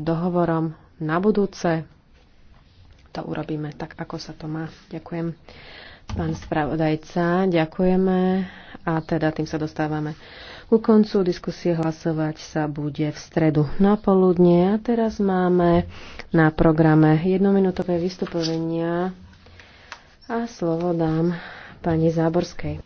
dohovorom na budúce. To urobíme tak, ako sa to má. Ďakujem. Pán spravodajca, ďakujeme. A teda tým sa dostávame ku koncu diskusie. Hlasovať sa bude v stredu na poludne. A teraz máme na programe jednominútové vystupovania. A slovo dám pani Záborskej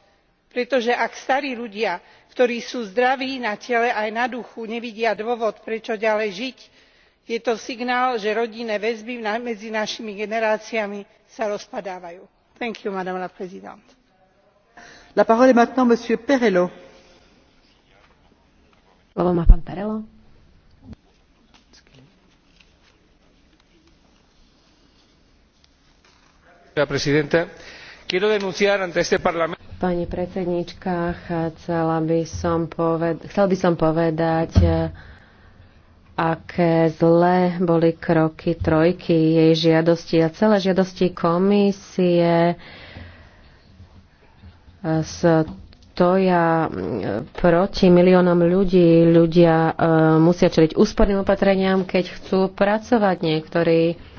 pretože ak starí ľudia ktorí sú zdraví na tele aj na duchu nevidia dôvod prečo ďalej žiť je to signál že rodinné väzby medzi našimi generáciami sa rozpadávajú. quiero denunciar ante este parlamento Pani predsednička, chcela by som, poved- chcela by som povedať, e, aké zlé boli kroky trojky, jej žiadosti a celé žiadosti komisie e, stoja e, proti miliónom ľudí. Ľudia musia čeliť úsporným opatreniam, keď chcú pracovať. Niektorí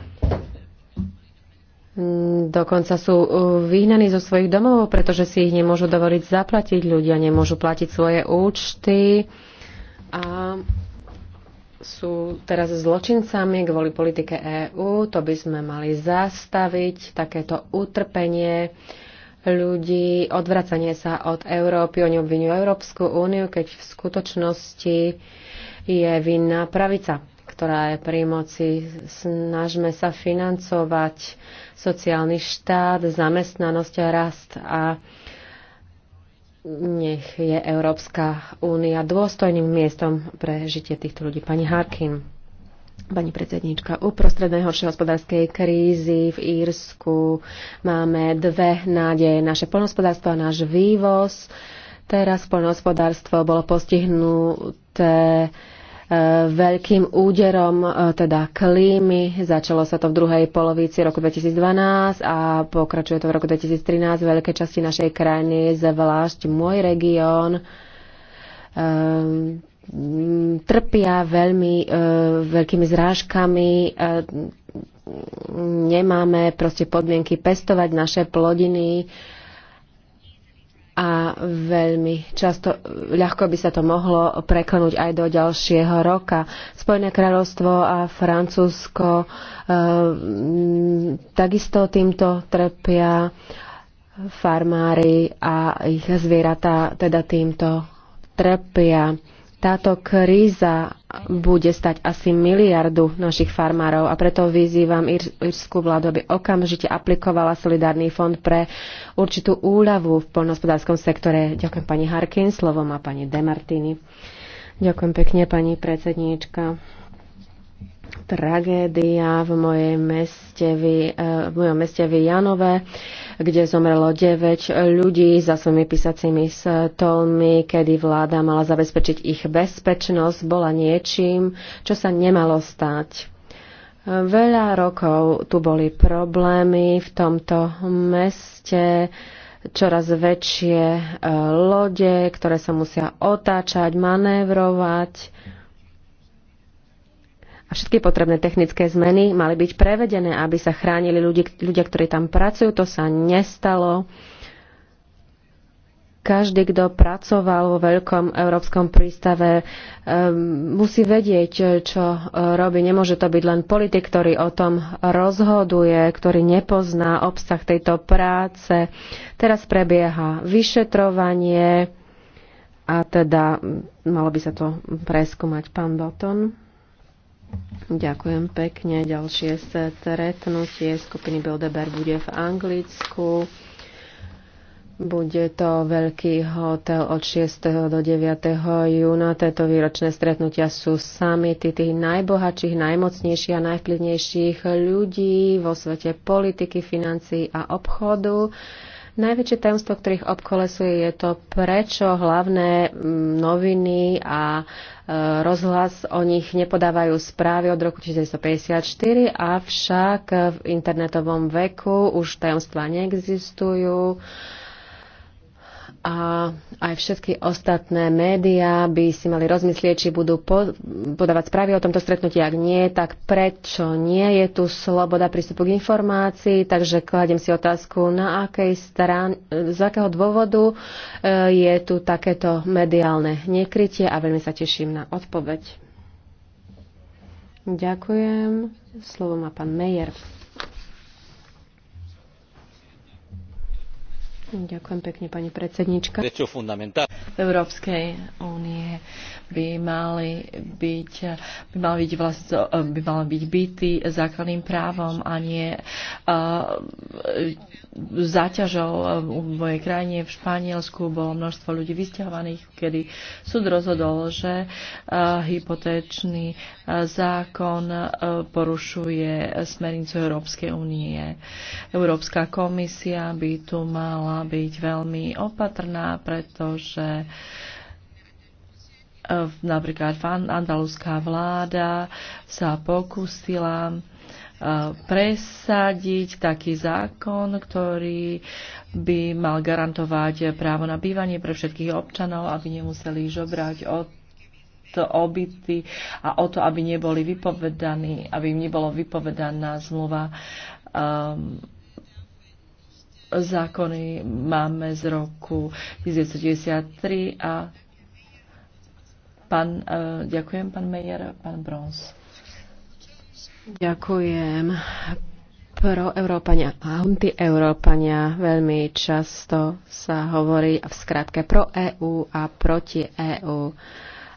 Mm, dokonca sú uh, vyhnaní zo svojich domov, pretože si ich nemôžu dovoliť zaplatiť. Ľudia nemôžu platiť svoje účty a sú teraz zločincami kvôli politike EÚ. To by sme mali zastaviť, takéto utrpenie ľudí, odvracanie sa od Európy. Oni obvinujú Európsku úniu, keď v skutočnosti je vinná pravica, ktorá je pri moci. Snažme sa financovať sociálny štát, zamestnanosť a rast a nech je Európska únia dôstojným miestom pre žitie týchto ľudí. Pani Harkin, pani predsedníčka, uprostred najhoršej hospodárskej krízy v Írsku máme dve nádeje. Naše polnospodárstvo a náš vývoz. Teraz poľnohospodárstvo bolo postihnuté veľkým úderom e, teda klímy. Začalo sa to v druhej polovici roku 2012 a pokračuje to v roku 2013. v Veľké časti našej krajiny, zvlášť môj región, ehm, trpia veľmi e, veľkými zrážkami, e, nemáme proste podmienky pestovať naše plodiny, a veľmi často ľahko by sa to mohlo preklenúť aj do ďalšieho roka. Spojené kráľovstvo a Francúzsko e, takisto týmto trpia farmári a ich zvieratá teda týmto trpia. Táto kríza bude stať asi miliardu našich farmárov a preto vyzývam írskú vládu, aby okamžite aplikovala solidárny fond pre určitú úľavu v poľnohospodárskom sektore. Ďakujem pani Harkin, slovo má pani Demartini. Ďakujem pekne pani predsedníčka tragédia v, mojej meste, v, eh, v mojom meste v Janove kde zomrelo 9 ľudí za svojimi písacími stolmi, kedy vláda mala zabezpečiť ich bezpečnosť, bola niečím, čo sa nemalo stať. Veľa rokov tu boli problémy v tomto meste, čoraz väčšie eh, lode, ktoré sa musia otáčať, manévrovať a všetky potrebné technické zmeny mali byť prevedené, aby sa chránili ľudí, ľudia, ktorí tam pracujú. To sa nestalo. Každý, kto pracoval vo veľkom európskom prístave, eh, musí vedieť, čo eh, robí. Nemôže to byť len politik, ktorý o tom rozhoduje, ktorý nepozná obsah tejto práce. Teraz prebieha vyšetrovanie a teda hm, malo by sa to preskúmať pán Boton. Ďakujem pekne. Ďalšie stretnutie skupiny Bilderberg bude v Anglicku. Bude to veľký hotel od 6. do 9. júna. Tieto výročné stretnutia sú samity tých najbohatších, najmocnejších a najvplyvnejších ľudí vo svete politiky, financií a obchodu. Najväčšie tajomstvo, ktorých obkolesuje, je to, prečo hlavné mm, noviny a rozhlas, o nich nepodávajú správy od roku 1954, avšak v internetovom veku už tajomstvá neexistujú a aj všetky ostatné médiá by si mali rozmyslieť, či budú podávať správy o tomto stretnutí. Ak nie, tak prečo nie? Je tu sloboda prístupu k informácii, takže kladem si otázku, na akej strán, z akého dôvodu e, je tu takéto mediálne nekrytie a veľmi sa teším na odpoveď. Ďakujem. Slovo má pán Mejer. Ďakujem pekne, pani predsednička. V Európskej únie by mali byť, by mal byť, vlast, by mali byť byty základným právom a nie uh, záťažou v e, mojej krajine v Španielsku bolo množstvo ľudí vysťahovaných, kedy súd rozhodol, že uh, hypotečný uh, zákon uh, porušuje smernicu Európskej únie. Európska komisia by tu mala mala byť veľmi opatrná, pretože e, napríklad andalúzská vláda sa pokusila e, presadiť taký zákon, ktorý by mal garantovať právo na bývanie pre všetkých občanov, aby nemuseli žobrať od obyty a o to, aby neboli vypovedaní, aby im nebola vypovedaná zmluva um, zákony máme z roku 1993 a pán, e, ďakujem, pán Mejer, pán Brons. Ďakujem. Pro-Európania a Hunty európania veľmi často sa hovorí v skratke pro EU a proti EU.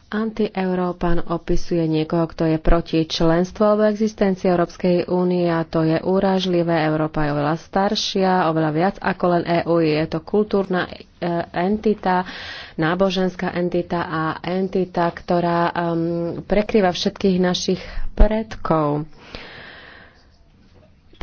Antieurópan opisuje niekoho, kto je proti členstvu alebo existencii Európskej únie a to je úražlivé. Európa je oveľa staršia, oveľa viac ako len EÚ. Je to kultúrna e, entita, náboženská entita a entita, ktorá um, prekrýva všetkých našich predkov. Uh,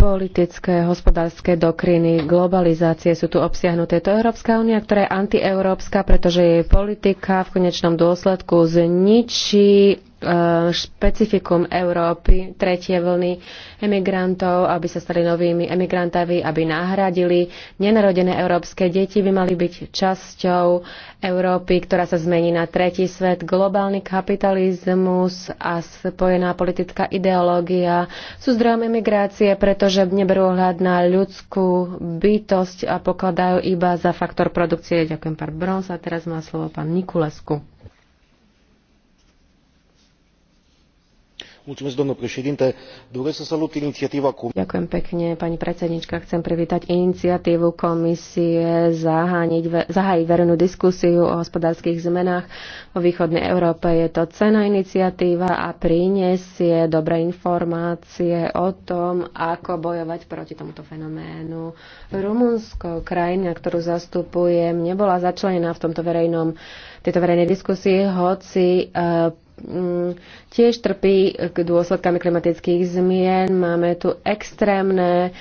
politické, hospodárske dokriny globalizácie sú tu obsiahnuté. To je Európska únia, ktorá je antieurópska, pretože jej politika v konečnom dôsledku zničí Eh, špecifikum Európy, tretie vlny emigrantov, aby sa stali novými emigrantami, aby nahradili nenarodené európske deti, by mali byť časťou Európy, ktorá sa zmení na tretí svet. Globálny kapitalizmus a spojená politická ideológia sú zdrojom emigrácie, pretože neberú ohľad na ľudskú bytosť a pokladajú iba za faktor produkcie. Ďakujem, pán Brons. A teraz má slovo pán Nikulesku. doresc să salut inițiativa Comisiei. Ďakujem pekne, pani Chcem privítať iniciatívu Komisie zahájiť, zahájiť verejnú diskusiu o hospodárskych zmenách vo východnej Európe. Je to cená iniciatíva a prinesie dobré informácie o tom, ako bojovať proti tomuto fenoménu. Rumunsko, krajina, ktorú zastupujem, nebola začlenená v tomto verejnom, tejto verejnej diskusii, hoci eh, Mm, tiež trpí k dôsledkami klimatických zmien. Máme tu extrémne e,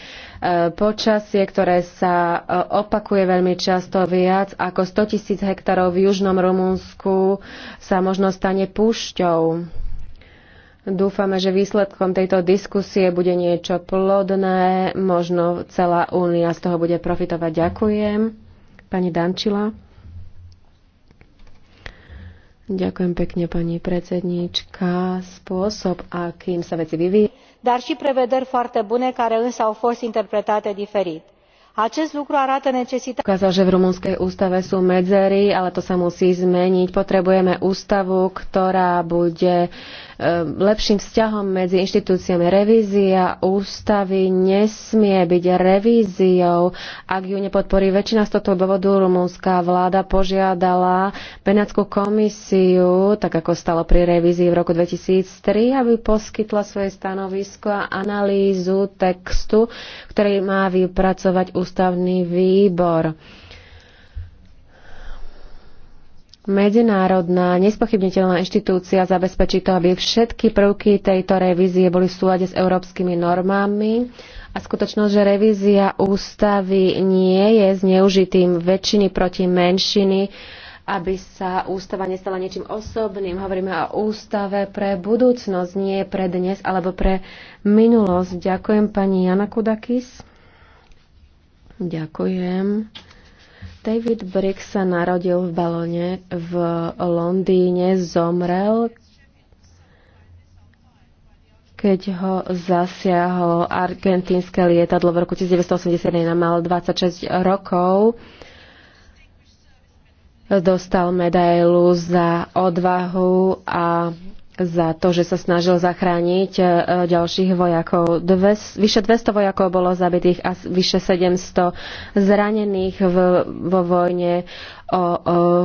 počasie, ktoré sa e, opakuje veľmi často viac ako 100 tisíc hektarov v južnom Rumunsku sa možno stane púšťou. Dúfame, že výsledkom tejto diskusie bude niečo plodné, možno celá únia z toho bude profitovať. Ďakujem. Pani Dančila. Ďakujem pekne, pani predsednička. Spôsob, akým sa veci vyvíjajú. Dar și prevederi foarte bune care însă au fost interpretate diferit. Acest lucru arată necesitatea... Ukázal, že v rumunskej ústave sú medzery, ale to sa musí zmeniť. Potrebujeme ústavu, ktorá bude uh, Ehm, lepším vzťahom medzi inštitúciami. Revízia ústavy nesmie byť revíziou, ak ju nepodporí väčšina z tohto dôvodu. Rumúnska vláda požiadala Benátskú komisiu, tak ako stalo pri revízii v roku 2003, aby poskytla svoje stanovisko a analýzu textu, ktorý má vypracovať ústavný výbor. Medzinárodná nespochybniteľná inštitúcia zabezpečí to, aby všetky prvky tejto revízie boli v súlade s európskymi normami a skutočnosť, že revízia ústavy nie je zneužitým väčšiny proti menšiny, aby sa ústava nestala niečím osobným. Hovoríme o ústave pre budúcnosť, nie pre dnes alebo pre minulosť. Ďakujem pani Jana Kudakis. Ďakujem. David Brick sa narodil v Balone v Londýne, zomrel, keď ho zasiahlo argentínske lietadlo v roku 1981. Mal 26 rokov. Dostal medailu za odvahu a za to, že sa snažil zachrániť e, ďalších vojakov. Dve, vyše 200 vojakov bolo zabitých a vyše 700 zranených v, vo vojne o, o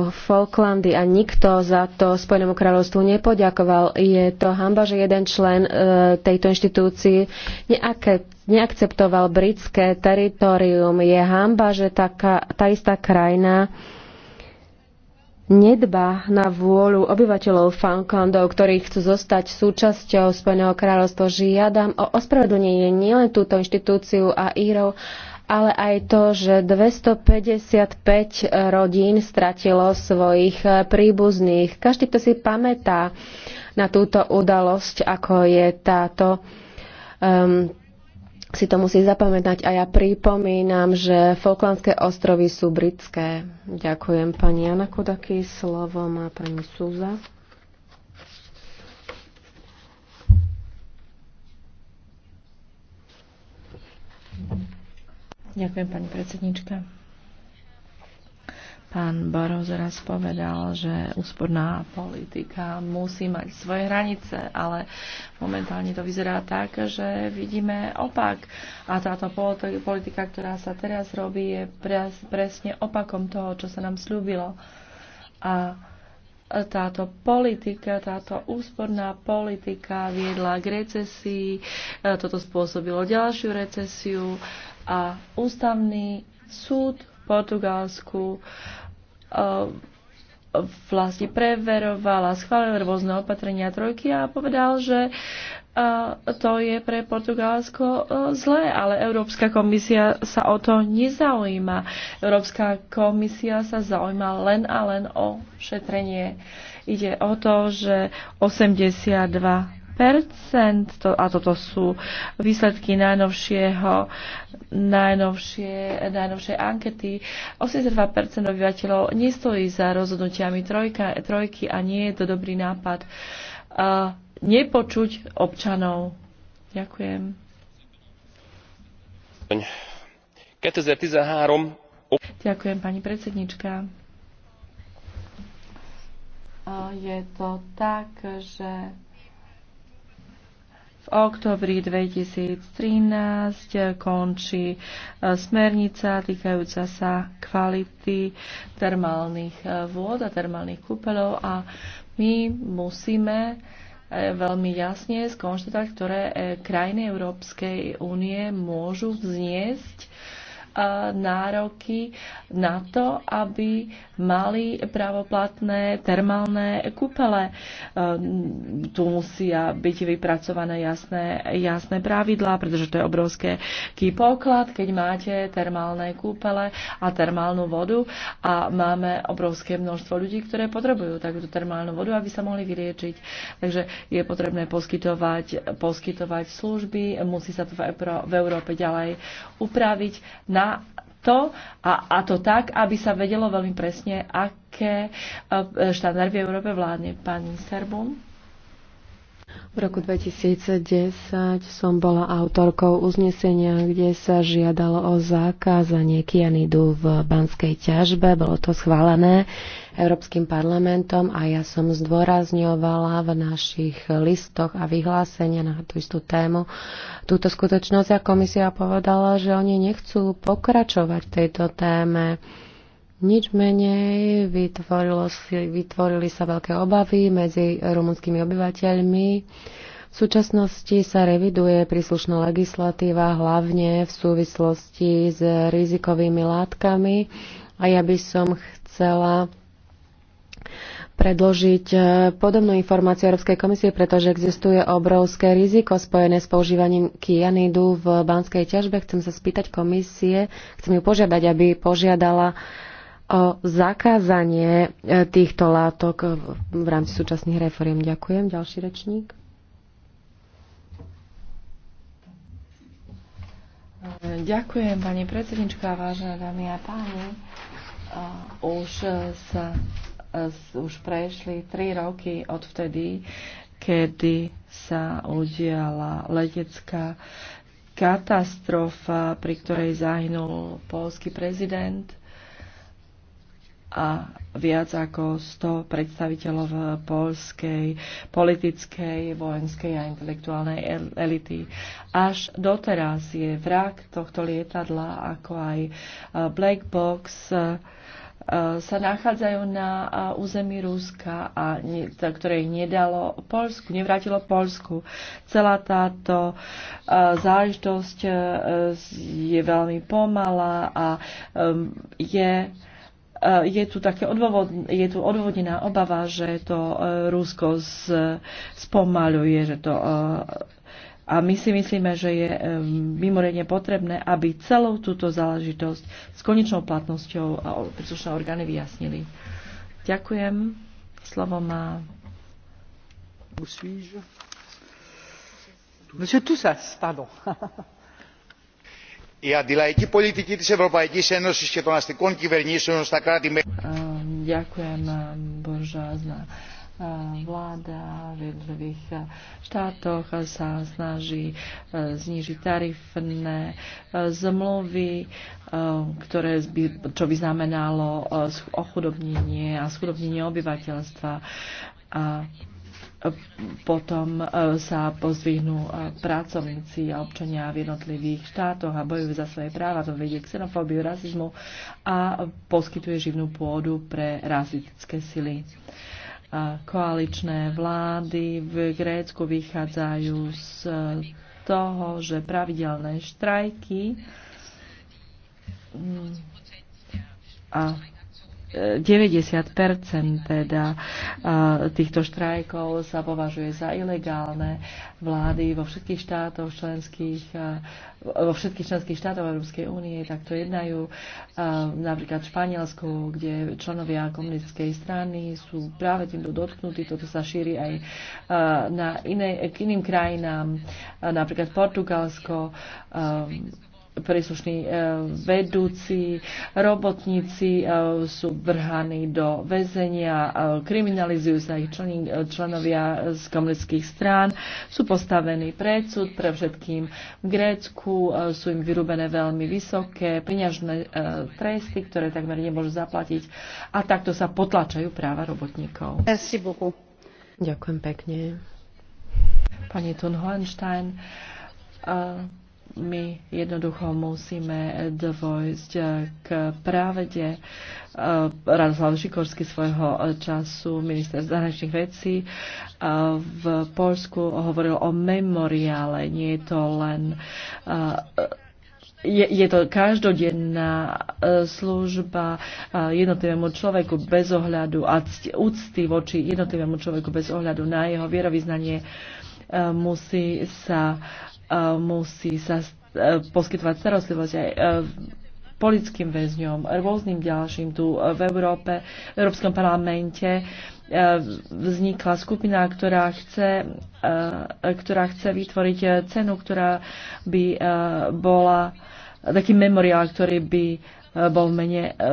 Falklandy a nikto za to Spojenému kráľovstvu nepoďakoval. Je to hamba, že jeden člen e, tejto inštitúcii neake, neakceptoval britské teritorium. Je hamba, že taká, tá istá krajina nedba na vôľu obyvateľov Falklandov, ktorí chcú zostať súčasťou Spojeného kráľovstva. Žiadam o ospravedlnenie nielen túto inštitúciu a Írov, ale aj to, že 255 rodín stratilo svojich príbuzných. Každý, kto si pamätá na túto udalosť, ako je táto um, si to musí zapamätať a ja pripomínam, že Falklandské ostrovy sú britské. Ďakujem pani Jana Kodaky, slovo má pani Súza. Ďakujem pani predsednička. Pán Barozo raz povedal, že úsporná politika musí mať svoje hranice, ale momentálne to vyzerá tak, že vidíme opak. A táto politika, ktorá sa teraz robí, je presne opakom toho, čo sa nám slúbilo. A táto politika, táto úsporná politika viedla k recesii, e, toto spôsobilo ďalšiu recesiu a ústavný súd Portugalsku eh, vlastne preveroval a schválil rôzne opatrenia trojky a povedal, že eh, to je pre Portugalsko eh, zlé, ale Európska komisia sa o to nezaujíma. Európska komisia sa zaujíma len a len o šetrenie. Ide o to, že 82 to, a toto sú výsledky najnovšieho, najnovšie, najnovšej ankety. 82% obyvateľov nestojí za rozhodnutiami trojka, trojky a nie je to dobrý nápad uh, nepočuť občanov. Ďakujem. 2013 Ďakujem, pani predsednička. Je to tak, že oktobri 2013 končí e, smernica týkajúca sa kvality termálnych e, vôd a termálnych kúpeľov a my musíme e, veľmi jasne skonštatovať, ktoré krajiny Európskej únie môžu vzniesť nároky na to, aby mali právoplatné termálne kúpele. Ehm, tu musia byť vypracované jasné, jasné pravidlá, pretože to je obrovské poklad, keď máte termálne kúpele a termálnu vodu a máme obrovské množstvo ľudí, ktoré potrebujú takúto termálnu vodu, aby sa mohli vyriečiť. Takže je potrebné poskytovať, poskytovať služby, musí sa to v Európe ďalej upraviť na to a, a to tak, aby sa vedelo veľmi presne, aké eh, štandardy v Európe vládne. Pani Serbum? V roku 2010 som bola autorkou uznesenia, kde sa žiadalo o zakázanie kianidu v banskej ťažbe. Bolo to schválené Európskym parlamentom a ja som zdôrazňovala v našich listoch a vyhlásenia na tú istú tému túto skutočnosť a komisia povedala, že oni nechcú pokračovať v tejto téme nič menej, vytvorilo si, vytvorili sa veľké obavy medzi rumunskými obyvateľmi. V súčasnosti sa reviduje príslušná legislatíva hlavne v súvislosti s rizikovými látkami a ja by som chcela predložiť eh, podobnú informáciu Európskej komisie, pretože existuje obrovské riziko spojené s používaním kianidu v banskej ťažbe. Chcem sa spýtať komisie, chcem ju požiadať, aby požiadala uh, o zakázanie e, týchto látok v rámci súčasných reforiem. Ďakujem. Ďalší rečník. Ďakujem, pani predsednička, vážené dámy a páni. Už, sa, e, už prešli tri roky od vtedy, kedy sa udiala letecká katastrofa, pri ktorej zahynul polský prezident a viac ako 100 predstaviteľov polskej politickej, vojenskej a intelektuálnej elity. Až doteraz je vrak tohto lietadla, ako aj e, Black Box, e, sa nachádzajú na e, území Ruska, a ne, ktoré ich nedalo Polsku, nevrátilo Polsku. Celá táto záležitosť je veľmi pomalá a je Eh, je tu, také odvod, je tu odvodnená obava, že to eh, Rusko z, spomaluje, že to eh, a my si myslíme, že je mimoriadne potrebné, aby celou túto záležitosť s konečnou platnosťou a príslušné orgány vyjasnili. Ďakujem. Slovo má... Monsieur Toussas, pardon. η αντιλαϊκή πολιτική της Ευρωπαϊκής Ένωσης και των αστικών κυβερνήσεων στα κράτη-μέλη. E, vláda v jednotlivých štátoch sa snaží e, znižiť tarifné e, zmluvy, ktoré by, čo by znamenalo ochudobnenie a schudobnenie obyvateľstva. A potom e, sa pozdvihnú e, pracovníci a občania v jednotlivých štátoch a bojujú za svoje práva. To vedie k xenofóbiu, rasizmu a poskytuje živnú pôdu pre rasistické sily. E, koaličné vlády v Grécku vychádzajú z toho, že pravidelné štrajky mm, a 90% teda týchto štrajkov sa považuje za ilegálne. Vlády vo všetkých štátoch členských, vo všetkých členských štátoch Európskej únie takto jednajú. Napríklad v Španielsku, kde členovia komunistickej strany sú práve týmto dotknutí. Toto sa šíri aj na iné, k iným krajinám, napríklad Portugalsko, príslušní e, vedúci, robotníci e, sú vrhaní do väzenia, e, kriminalizujú sa ich člen, členovia z komunistických strán, sú postavení pred súd, pre všetkým v Grécku, sú im vyrúbené veľmi vysoké peňažné tresty, ktoré takmer nemôžu zaplatiť a takto sa potlačajú práva robotníkov. Ďakujem pekne. Pani Thun Hohenstein. Uh, my jednoducho musíme dvojsť k pravde. Eh, Radoslav Šikorský svojho času, minister zahraničných vecí, eh, v Polsku hovoril o memoriále. Nie je to len eh, je, je to každodenná služba jednotlivému človeku bez ohľadu a úcty voči jednotlivému človeku bez ohľadu na jeho vierovýznanie musí sa E, musí sa e, poskytovať starostlivosť aj e, politickým väzňom, rôznym ďalším tu v Európe, v Európskom parlamente vznikla skupina, ktorá chce, ktorá chce vytvoriť cenu, ktorá by bola taký memoriál, ktorý by bol v mene, e,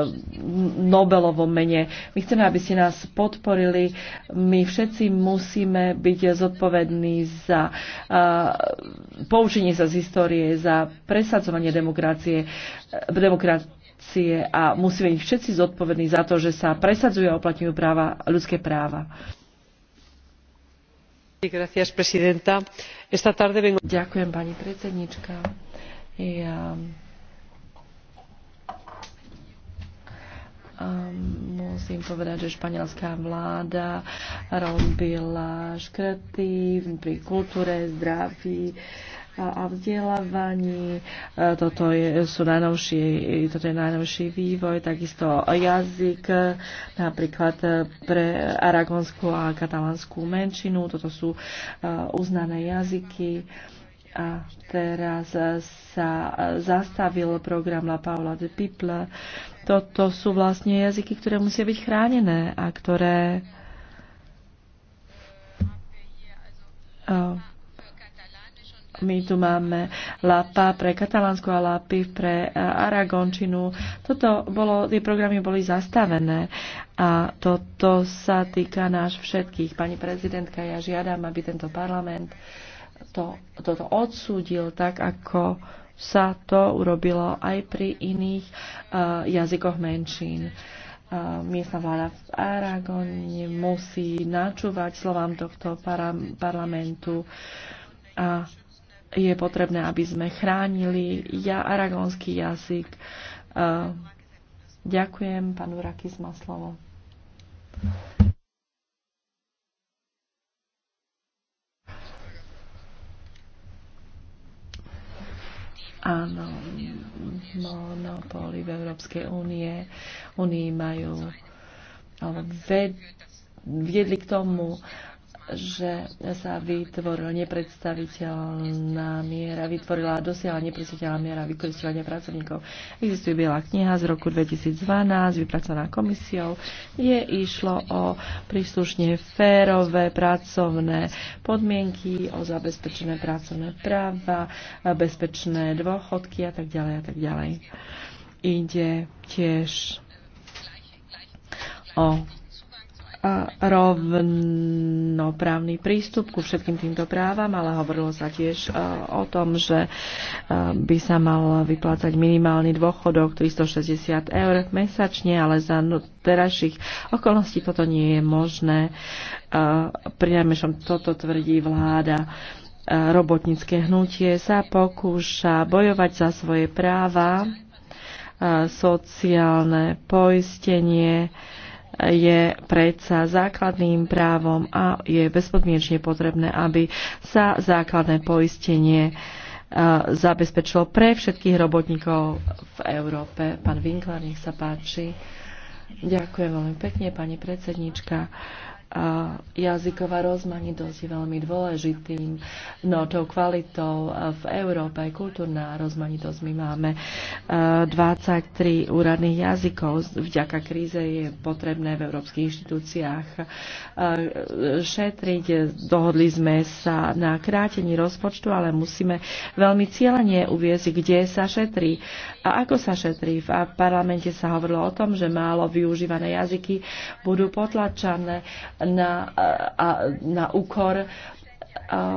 Nobelovom mene. My chceme, aby ste nás podporili. My všetci musíme byť zodpovední za poučenie sa z histórie, za presadzovanie demokracie, demokracie a musíme byť všetci zodpovední za to, že sa presadzujú a uplatňujú práva, ľudské práva. Ďakujem, pani predsednička. Ja Ehm, musím povedať, že španielská vláda robila škrety pri kultúre, zdraví a vzdelávaní. E, toto je, sú najnovší, toto je najnovší vývoj, takisto jazyk, napríklad pre aragonskú a katalánskú menšinu. Toto sú e, uznané jazyky a teraz sa zastavil program La Paula de People. Toto sú vlastne jazyky, ktoré musia byť chránené a ktoré my tu máme Lapa pre katalánsku a Lapy pre Aragončinu. Toto bolo, tie programy boli zastavené a toto sa týka náš všetkých. Pani prezidentka, ja žiadam, aby tento parlament uh, to, toto odsúdil tak, ako sa to urobilo aj pri iných uh, jazykoch menšín. Uh, miestna vláda v Aragóne musí načúvať slovám tohto para, parlamentu a je potrebné, aby sme chránili ja, aragonský jazyk. Uh, ďakujem, pán Urakis má slovo. Áno, monopóly v Európskej únie, únii majú, ale ved, viedli k tomu, že sa vytvorila nepredstaviteľná miera, vytvorila a dosiahla nepredstaviteľná miera vykoristovania pracovníkov. Existuje Biela kniha z roku 2012, vypracovaná komisiou, kde išlo o príslušne férové pracovné podmienky, o zabezpečené pracovné práva, bezpečné dôchodky a tak ďalej a tak ďalej. Ide tiež o rovnoprávny prístup ku všetkým týmto právam, ale hovorilo sa tiež e, o tom, že e, by sa mal vyplácať minimálny dôchodok 360 eur mesačne, ale za no, terajších okolností toto nie je možné. E, Prinajmenšom toto tvrdí vláda robotnícke hnutie sa pokúša bojovať za svoje práva, sociálne poistenie, je predsa základným právom a je bezpodmienečne potrebné, aby sa základné poistenie e, zabezpečilo pre všetkých robotníkov v Európe. Pán Winkler, nech sa páči. Ďakujem veľmi pekne, pani predsednička a jazyková rozmanitosť je veľmi dôležitým no, tou kvalitou v Európe. Kultúrna rozmanitosť. My máme 23 úradných jazykov. Vďaka kríze je potrebné v európskych inštitúciách šetriť. Dohodli sme sa na krátení rozpočtu, ale musíme veľmi cieľenie uviezť, kde sa šetrí a ako sa šetrí. V parlamente sa hovorilo o tom, že málo využívané jazyky budú potlačané na, a, na úkor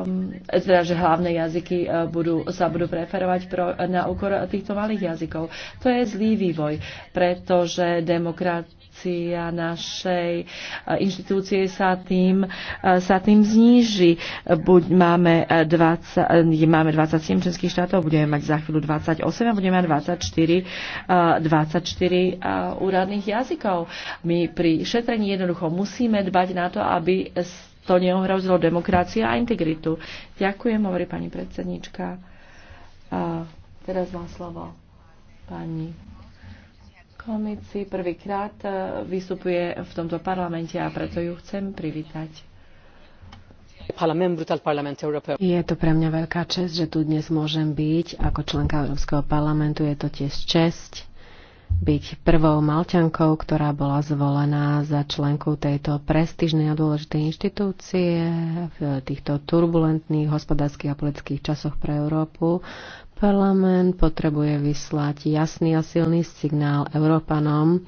um, teda, že hlavné jazyky uh, budú, sa budú preferovať pro, na úkor týchto malých jazykov. To je zlý vývoj, pretože demokrat funkcia našej eh, inštitúcie sa tým, eh, sa tým zníži. Buď máme, 20, eh, máme 27 členských štátov, budeme mať za chvíľu 28 a budeme mať 24, 24 úradných jazykov. My pri šetrení jednoducho musíme dbať na to, aby to neohrozilo demokraciu a integritu. Ďakujem, hovorí pani predsednička. A teraz má slovo pani komici prvýkrát e, vystupuje v tomto parlamente a preto ju chcem privítať. Je to pre mňa veľká čest, že tu dnes môžem byť. Ako členka Európskeho parlamentu je to tiež čest byť prvou Malťankou, ktorá bola zvolená za členku tejto prestižnej a dôležitej inštitúcie v týchto turbulentných hospodárskych a politických časoch pre Európu. Parlament potrebuje vyslať jasný a silný signál Európanom,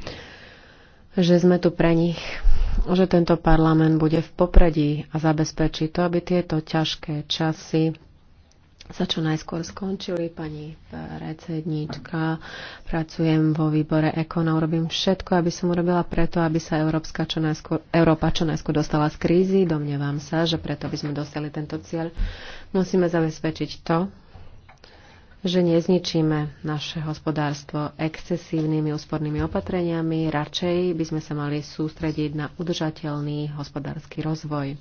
že sme tu pre nich, že tento parlament bude v popredí a zabezpečí to, aby tieto ťažké časy sa čo najskôr skončili. Pani predsedníčka, pracujem vo výbore Ekona, urobím všetko, aby som urobila preto, aby sa Európska čo najskôr, Európa čo najskôr dostala z krízy. Domnievam sa, že preto, by sme dostali tento cieľ, musíme zabezpečiť to, že nezničíme naše hospodárstvo excesívnymi úspornými opatreniami, radšej by sme sa mali sústrediť na udržateľný hospodársky rozvoj.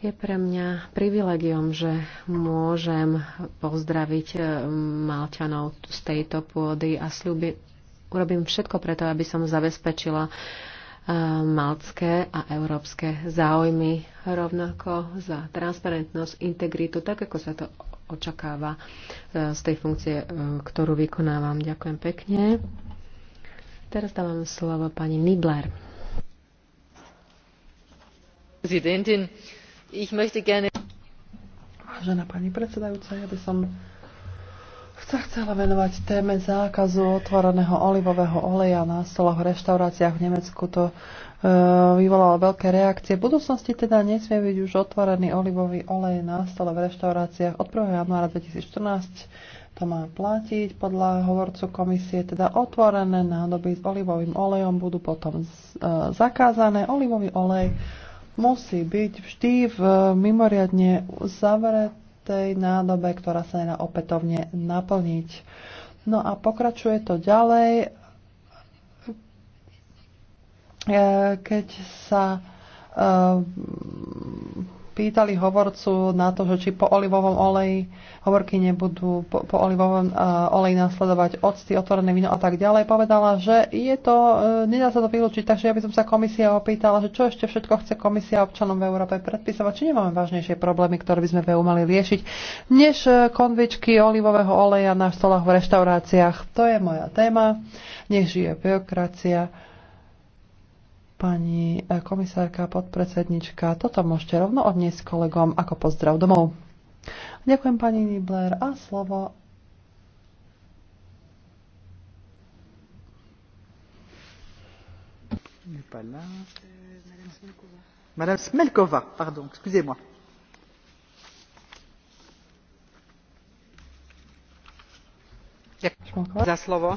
Je pre mňa privilegiom, že môžem pozdraviť eh, Malťanov z tejto pôdy a sľuby. Urobím všetko preto, aby som zabezpečila eh, malcké a európske záujmy rovnako za transparentnosť, integritu, tak ako sa to očakáva e, z tej funkcie, e, ktorú vykonávam. Ďakujem pekne. Teraz dávam slovo pani Nibler. Vážená pani predsedajúca, ja by som sa chcela venovať téme zákazu otvoreného olivového oleja na stoloch v reštauráciách v Nemecku. To e, vyvolalo veľké reakcie. V budúcnosti teda nesmie byť už otvorený olivový olej na stole v reštauráciách od 1. januára 2014. To má platiť podľa hovorcu komisie, teda otvorené nádoby s olivovým olejom budú potom z, e, zakázané. Olivový olej musí byť vždy v mimoriadne zavretý tej nádobe, ktorá sa nedá opätovne naplniť. No a pokračuje to ďalej, e, keď sa e, pýtali hovorcu na to, že či po olivovom oleji hovorky nebudú po, po olivovom uh, oleji nasledovať octy, otvorené víno a tak ďalej, povedala, že je to, uh, nedá sa to vylúčiť, takže ja by som sa komisia opýtala, že čo ešte všetko chce komisia občanom v Európe predpisovať, či nemáme vážnejšie problémy, ktoré by sme v EU mali riešiť, než e, konvičky olivového oleja na stolách v reštauráciách. To je moja téma. Nech žije byrokracia pani komisárka, podpredsednička. Toto môžete rovno odniesť kolegom ako pozdrav domov. Ďakujem pani Nibler a slovo Madame Smelkova, pardon, excusez-moi. Ďakujem za slovo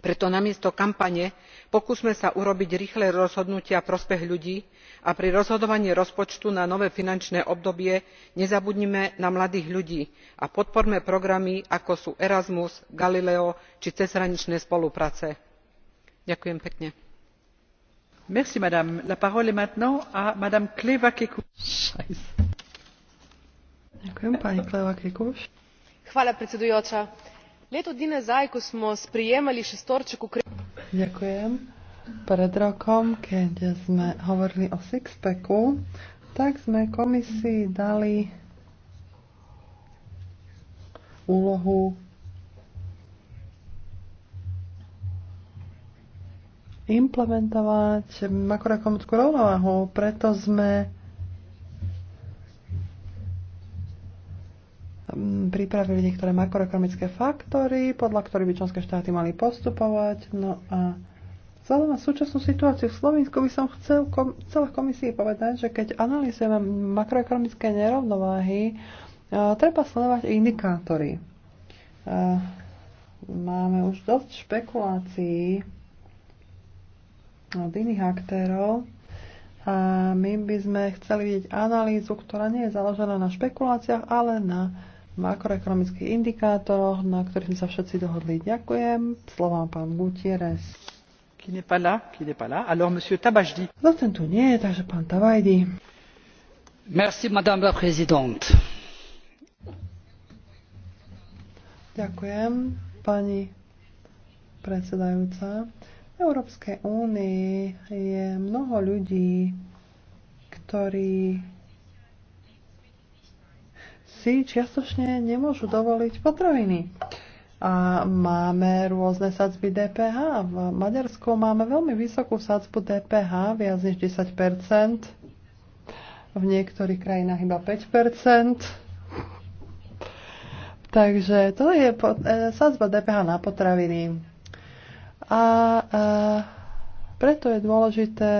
preto namiesto kampane pokúsme sa urobiť rýchle rozhodnutia v prospech ľudí a pri rozhodovaní rozpočtu na nové finančné obdobie nezabudnime na mladých ľudí a podporme programy ako sú erasmus galileo či cezhraničné spolupráce. ďakujem pekne leto dni nazaj ko smo sprijemali šestorček ukrepov. Ďakujem. Pred rokom, keď sme hovorili o sixpacku, tak sme komisii dali úlohu implementovať makroekonomickú rovnováhu. Preto sme pripravili niektoré makroekonomické faktory, podľa ktorých by členské štáty mali postupovať. No a vzhľadom na súčasnú situáciu v Slovensku by som chcel kom- celá komisii povedať, že keď analýzujeme makroekonomické nerovnováhy, e, treba sledovať indikátory. E, máme už dosť špekulácií od iných aktérov a my by sme chceli vidieť analýzu, ktorá nie je založená na špekuláciách, ale na makroekonomických indikátoroch, na ktorých sme sa všetci dohodli. Ďakujem. Slovo pán Gutierrez. Qui n'est pas là, qui n'est pas là. Alors, monsieur Tabajdi. Zatiaľ no, tu nie, takže pán Tabajdi. Merci, madame la présidente. Ďakujem, pani predsedajúca. V Európskej únii je mnoho ľudí, ktorí si čiastočne nemôžu dovoliť potraviny. A máme rôzne sadzby DPH. V Maďarsku máme veľmi vysokú sadzbu DPH, viac než 10 v niektorých krajinách iba 5 Takže to je e, sadzba DPH na potraviny. A a e, preto je dôležité,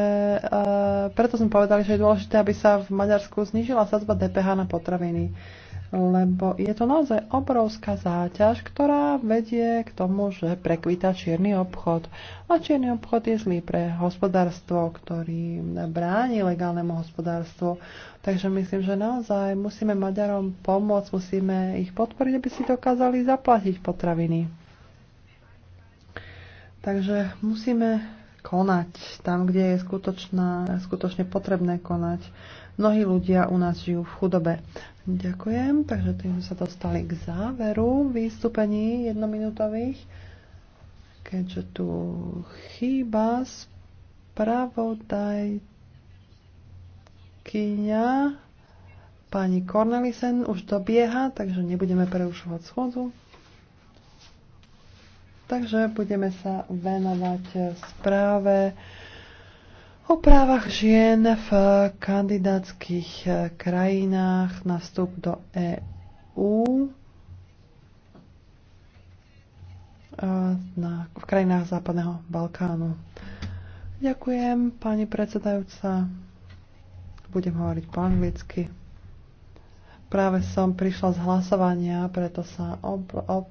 a, e, preto sme povedali, že je dôležité, aby sa v Maďarsku znížila sadzba DPH na potraviny lebo je to naozaj obrovská záťaž, ktorá vedie k tomu, že prekvita čierny obchod. A čierny obchod je zlý pre hospodárstvo, ktorý bráni legálnemu hospodárstvu. Takže myslím, že naozaj musíme Maďarom pomôcť, musíme ich podporiť, aby si dokázali zaplatiť potraviny. Takže musíme konať tam, kde je skutočná, skutočne potrebné konať. Mnohí ľudia u nás žijú v chudobe. Ďakujem, takže tým sa dostali k záveru výstupení jednominútových, keďže tu chýba spravodajkyňa pani Cornelisen už dobieha, takže nebudeme prerušovať schodzu. Takže budeme sa venovať správe o právach žien v kandidátskych eh, krajinách na vstup do EÚ eh, na, v krajinách Západného Balkánu. Ďakujem, pani predsedajúca. Budem hovoriť po anglicky. Práve som prišla z hlasovania, preto sa ob, ob,